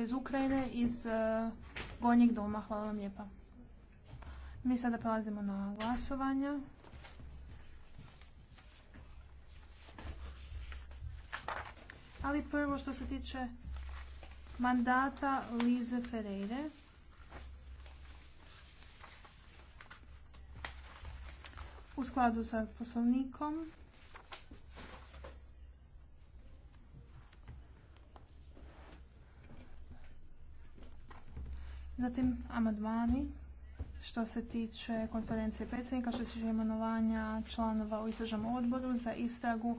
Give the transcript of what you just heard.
Dakle, iz Ukrajine iz e, Gornjeg doma. Hvala vam lijepa. Mi sada prelazimo na glasovanja. Ali prvo što se tiče mandata Lize Ferreire. U skladu sa poslovnikom Zatim amandmani što se tiče konferencije predsjednika, što se tiče imenovanja članova u istražnom odboru za istragu